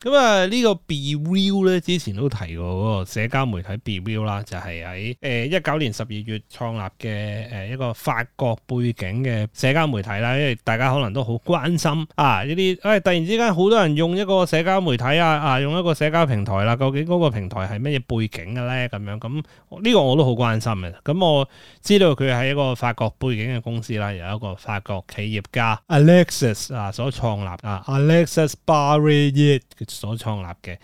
咁啊，呢個 BeReal 咧，之前都提過嗰、那個社交媒體 BeReal 啦，就係喺誒一九年十二月創立嘅誒一個法國背景嘅社交媒體啦。因為大家可能都好關心啊，呢啲誒突然之間好多人用一個社交媒體啊啊，用一個社交平台啦，究竟嗰個平台係乜嘢背景嘅咧？咁樣咁呢、這個我都好關心嘅。咁、嗯、我知道佢係一個法國背景嘅公司啦，由一個法國企業家 Alexis 啊所創立啊，Alexis Barreyat 所創立嘅，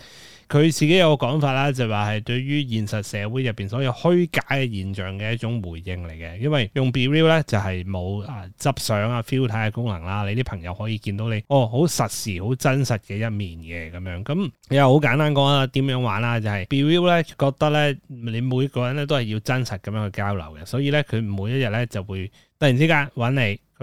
佢自己有個講法啦，就話、是、係對於現實社會入邊所有虛假嘅現象嘅一種回應嚟嘅。因為用 Be Real 咧就係冇啊執相啊 feel 睇嘅功能啦，你啲朋友可以見到你哦好實時好真實嘅一面嘅咁樣。咁、嗯、又好簡單講啊，點樣玩啦？就係、是、Be Real 咧覺得咧，你每個人咧都係要真實咁樣去交流嘅，所以咧佢每一日咧就會突然之間揾你。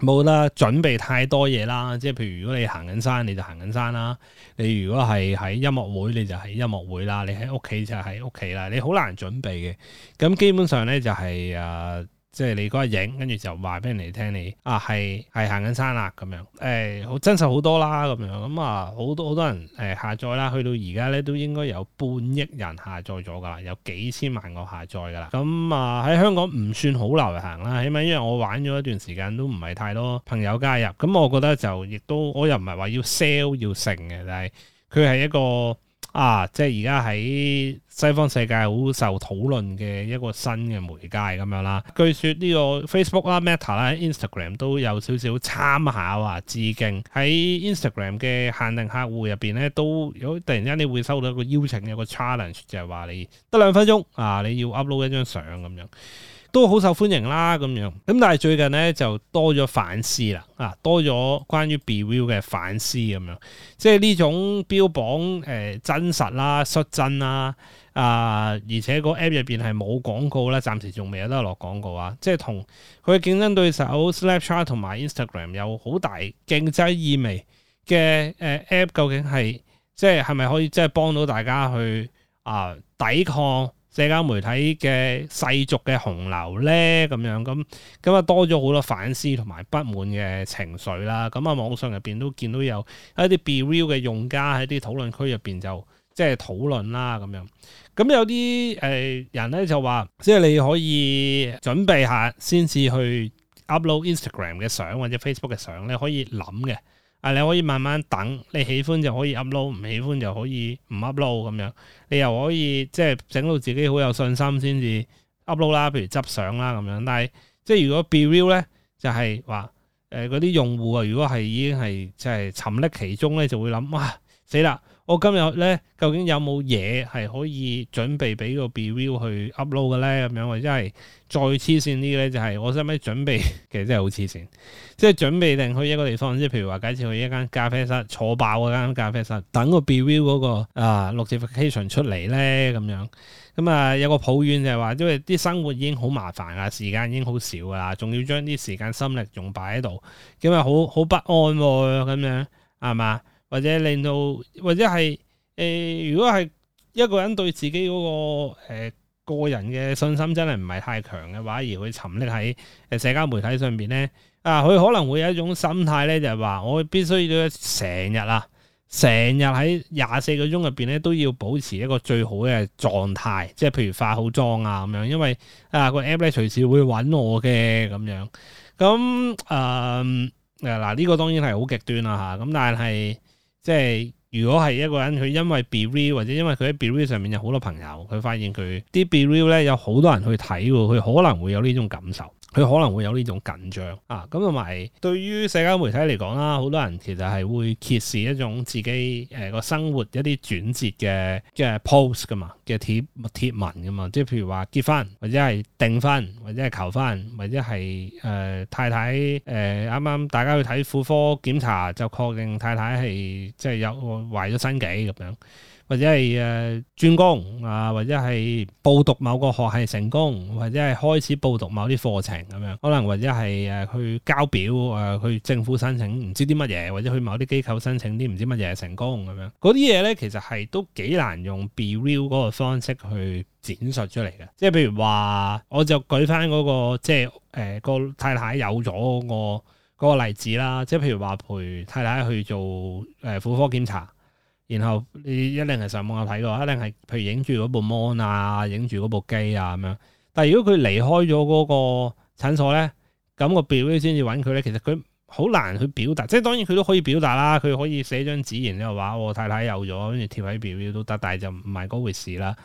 冇啦，準備太多嘢啦。即係譬如，如果你行緊山，你就行緊山啦；你如果係喺音樂會，你就喺音樂會啦。你喺屋企就喺屋企啦。你好難準備嘅。咁基本上咧就係、是、誒。呃即係你嗰個影，跟住就話俾人哋聽你啊，係係行緊山啦，咁樣，誒好真實好多啦咁樣，咁啊，好多好多人誒下載啦，去到而家咧都應該有半億人下載咗噶啦，有幾千萬個下載噶啦，咁啊，喺香港唔算好流行啦，起碼因為我玩咗一段時間都唔係太多朋友加入，咁、嗯、我覺得就亦都我又唔係話要 sell 要成嘅，但係佢係一個。啊，即係而家喺西方世界好受討論嘅一個新嘅媒介咁樣啦。據說呢個 Facebook 啦、Meta 啦、Instagram 都有少少參考啊，致敬喺 Instagram 嘅限定客戶入邊咧，都有突然間你會收到一個邀請，有一個 challenge 就係話你得兩分鐘啊，你要 upload 一張相咁樣。都好受歡迎啦，咁樣咁，但係最近咧就多咗反思啦，啊多咗關於 Be Real 嘅反思咁樣，即係呢種標榜誒、呃、真實啦、率真啦，啊、呃、而且個 app 入邊係冇廣告啦，暫時仲未有得落廣告啊，即係同佢嘅競爭對手 Snapchat 同埋 Instagram 有好大競爭意味嘅誒、呃、app，究竟係即係係咪可以即係幫到大家去啊、呃、抵抗社交媒體嘅世俗嘅洪流咧，咁樣咁咁啊，多咗好多反思同埋不滿嘅情緒啦。咁啊，網上入邊都見到有一啲 Be Real 嘅用家喺啲討論區入邊就即係討論啦。咁樣咁有啲誒、呃、人咧就話，即係你可以準備下先至去 upload Instagram 嘅相或者 Facebook 嘅相咧，可以諗嘅。啊！你可以慢慢等，你喜歡就可以 upload，唔喜歡就可以唔 upload 咁樣。你又可以即係整到自己好有信心先至 upload 啦，譬如執相啦咁樣。但係即係如果 be real 咧，就係，就係話誒嗰啲用戶啊，如果係已經係即係沉溺其中咧，就會諗哇死啦！我今日咧，究竟有冇嘢係可以準備俾個 BeReal 去 upload 嘅咧？咁樣或者係再黐線啲咧，就係我使唔使準備？其實真係好黐線，即係準備定去一個地方，即係譬如話，假設去一間咖啡室，坐爆嗰間咖啡室，等個 BeReal 嗰、那個啊 notification 出嚟咧，咁樣咁啊，有個抱怨就係話，因為啲生活已經好麻煩啊，時間已經好少啊，仲要將啲時間心力用擺喺度，咁啊，好好不安喎咁樣係嘛？或者令到或者係誒、呃，如果係一個人對自己嗰、嗰個誒、呃、個人嘅信心真係唔係太強嘅話，而佢沉溺喺誒社交媒體上邊咧，啊，佢可能會有一種心態咧，就係、係、話我必須要成日啊，成日喺廿四個鐘入邊咧都要保持一個最好嘅狀態，即係譬如化好妝啊咁樣，因為啊、個 app 咧隨時會搵我嘅咁樣。咁誒嗱呢個當然係好極端啦吓，咁、啊、但係。即係如果係一個人，佢因為 Be Real 或者因為佢喺 Be Real 上面有好多朋友，佢發現佢啲 Be Real 咧有好多人去睇喎，佢可能會有呢種感受。佢可能會有呢種緊張啊。咁同埋對於社交媒體嚟講啦，好多人其實係會揭示一種自己誒個、呃、生活一啲轉折嘅嘅 post 㗎嘛，嘅帖帖文㗎嘛，即係譬如話結婚，或者係訂婚，或者係求婚，或者係誒、呃、太太誒啱啱大家去睇婦科檢查就確定太太係即係有懷咗、呃、身紀咁樣。或者係誒轉工啊，或者係報讀某個學系成功，或者係開始報讀某啲課程咁樣，可能或者係誒去交表啊，去政府申請唔知啲乜嘢，或者去某啲機構申請啲唔知乜嘢成功咁樣，嗰啲嘢咧其實係都幾難用 Be Real 嗰個方式去展述出嚟嘅。即係譬如話，我就舉翻嗰、嗰個即係誒個太太有咗、嗰個嗰、嗰個、例子啦。即係譬如話陪太太去做誒婦、呃、科檢查。然後你一定係上網有睇過，一定係譬如影住嗰部 mon 啊，影住嗰部機啊咁樣。但係如果佢離開咗嗰個診所咧，咁、嗰個表先至揾佢咧。其實佢好難去表達，即係當然佢都可以表達啦，佢可以寫張紙然後話我太太有咗，跟住貼喺表表都得。但係就唔係嗰回事啦。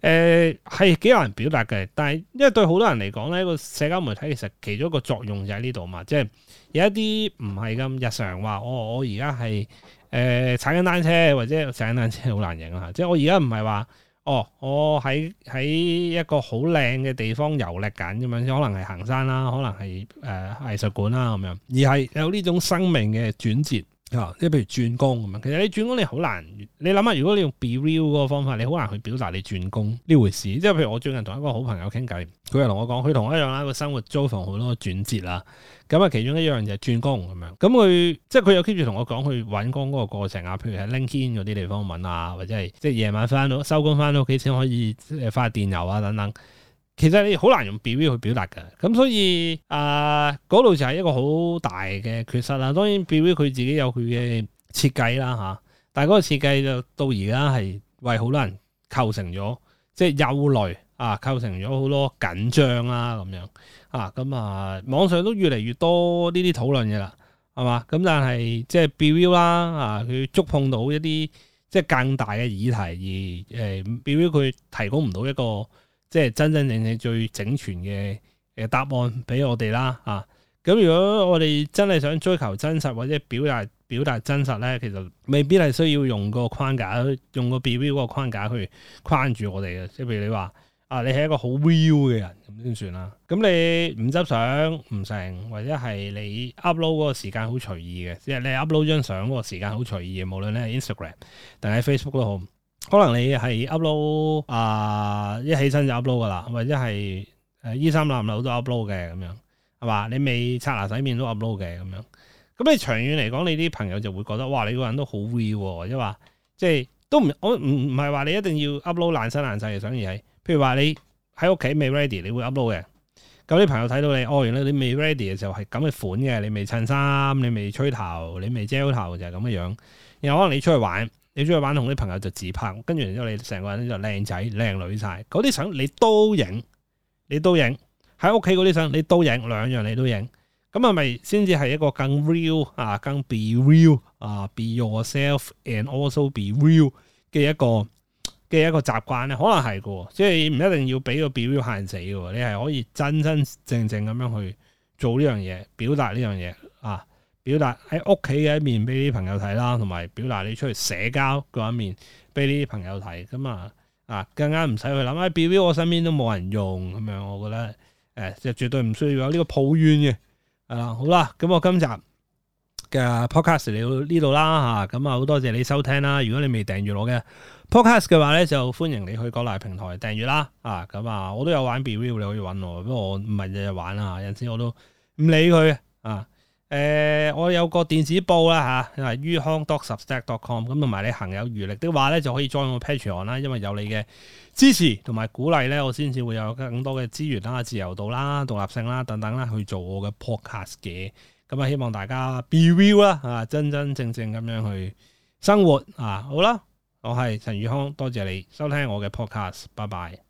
誒係幾難表達嘅，但係因為對好多人嚟講咧，這個社交媒體其實其中一個作用就喺呢度嘛，即係有一啲唔係咁日常話、哦、我我而家係。誒踩緊單車或者踩緊單車好難影啊！即係我而家唔係話，哦，我喺喺一個好靚嘅地方遊歷緊咁樣，可能係行山啦，可能係誒、呃、藝術館啦咁樣，而係有呢種生命嘅轉折。即係、啊、譬如轉工咁樣，其實你轉工你好難，你諗下，如果你用 be real 嗰個方法，你好難去表達你轉工呢回事。即係譬如我最近同一個好朋友傾偈，佢又同我講，佢同一樣啦，個生活租房好多轉折啦。咁啊，其中一樣就係轉工咁樣。咁佢即係佢有 keep 住同我講去揾工嗰個過程啊，譬如喺 LinkedIn 嗰啲地方揾啊，或者係即係夜晚返到收工返到屋企先可以誒下電郵啊等等。其實你好難用 BeReal 去表達㗎，咁所以啊，嗰度就係一個好大嘅缺失啦。當然 BeReal 佢自己有佢嘅設計啦，吓、啊，但係嗰個設計就到而家係為好多人構成咗即係憂慮啊，構成咗好多緊張啊咁樣啊，咁啊，啊網上都越嚟越多呢啲討論嘅啦，係嘛？咁但係即係 BeReal 啦，啊，佢觸碰到一啲即係更大嘅議題而誒、呃、，BeReal 佢提供唔到一個。即係真真正正正最整全嘅誒答案俾我哋啦啊！咁如果我哋真係想追求真實或者表達表達真實咧，其實未必係需要用個框架用個 BeReal 嗰個框架去框住我哋嘅，即係譬如你話啊，你係一個好 real 嘅人咁先算啦。咁你唔執相唔成，或者係你 upload 嗰個時間好隨意嘅，即係你 upload 張相嗰個時間好隨意嘅，無論你係 Instagram 定係 Facebook 都好。可能你係 upload 啊，一起身就 upload 噶啦，或者係誒衣衫襤褸都 upload 嘅咁樣，係嘛？你未刷牙洗面都 upload 嘅咁樣，咁你長遠嚟講，你啲朋友就會覺得哇，你個人都好 real 即係話即係都唔我唔唔係話你一定要 upload 爛身爛世，反而係，譬如話你喺屋企未 ready，你會 upload 嘅，咁啲朋友睇到你哦，原來你未 ready 嘅時候係咁嘅款嘅，你未襯衫，你未吹頭，你未遮頭就係咁嘅樣，然後可能你出去玩。你鍾意玩同啲朋友就自拍，跟住然之後你成個人就靚仔靚女晒，嗰啲相你都影，你都影喺屋企嗰啲相你都影，兩樣你都影，咁係咪先至係一個更 real 啊，更 be real 啊、uh,，be yourself and also be real 嘅一個嘅一,一個習慣咧？可能係嘅，即係唔一定要俾個 be real 限死嘅，你係可以真真正正咁樣去做呢樣嘢，表達呢樣嘢。表達喺屋企嘅一面俾啲朋友睇啦，同埋表達你出去社交嘅一面俾啲朋友睇咁嘛，啊更加唔使去諗喺 BeReal 我身邊都冇人用，咁樣我覺得誒，就絕對唔需要有呢個抱怨嘅。係啦，好啦，咁我今集嘅 podcast 你到呢度啦吓，咁啊好多謝你收聽啦，如果你未訂閱我嘅 podcast 嘅話咧，就歡迎你去各大平台訂閱啦，啊咁啊，我都有玩 BeReal，你可以揾我，我不過我唔係日日玩啦，有陣時我都唔理佢啊。誒、呃，我有個電子報啦嚇，嗱、啊、於康 substack.com 咁同埋你行有餘力的話咧，就可以 join 我 Patreon 啦，因為有你嘅支持同埋鼓勵咧，我先至會有更多嘅資源啦、自由度啦、獨立性啦等等啦，去做我嘅 podcast 嘅。咁啊，希望大家 be real 啦啊，真真正正咁樣去生活啊。好啦，我係陳宇康，多謝你收聽我嘅 podcast，拜拜。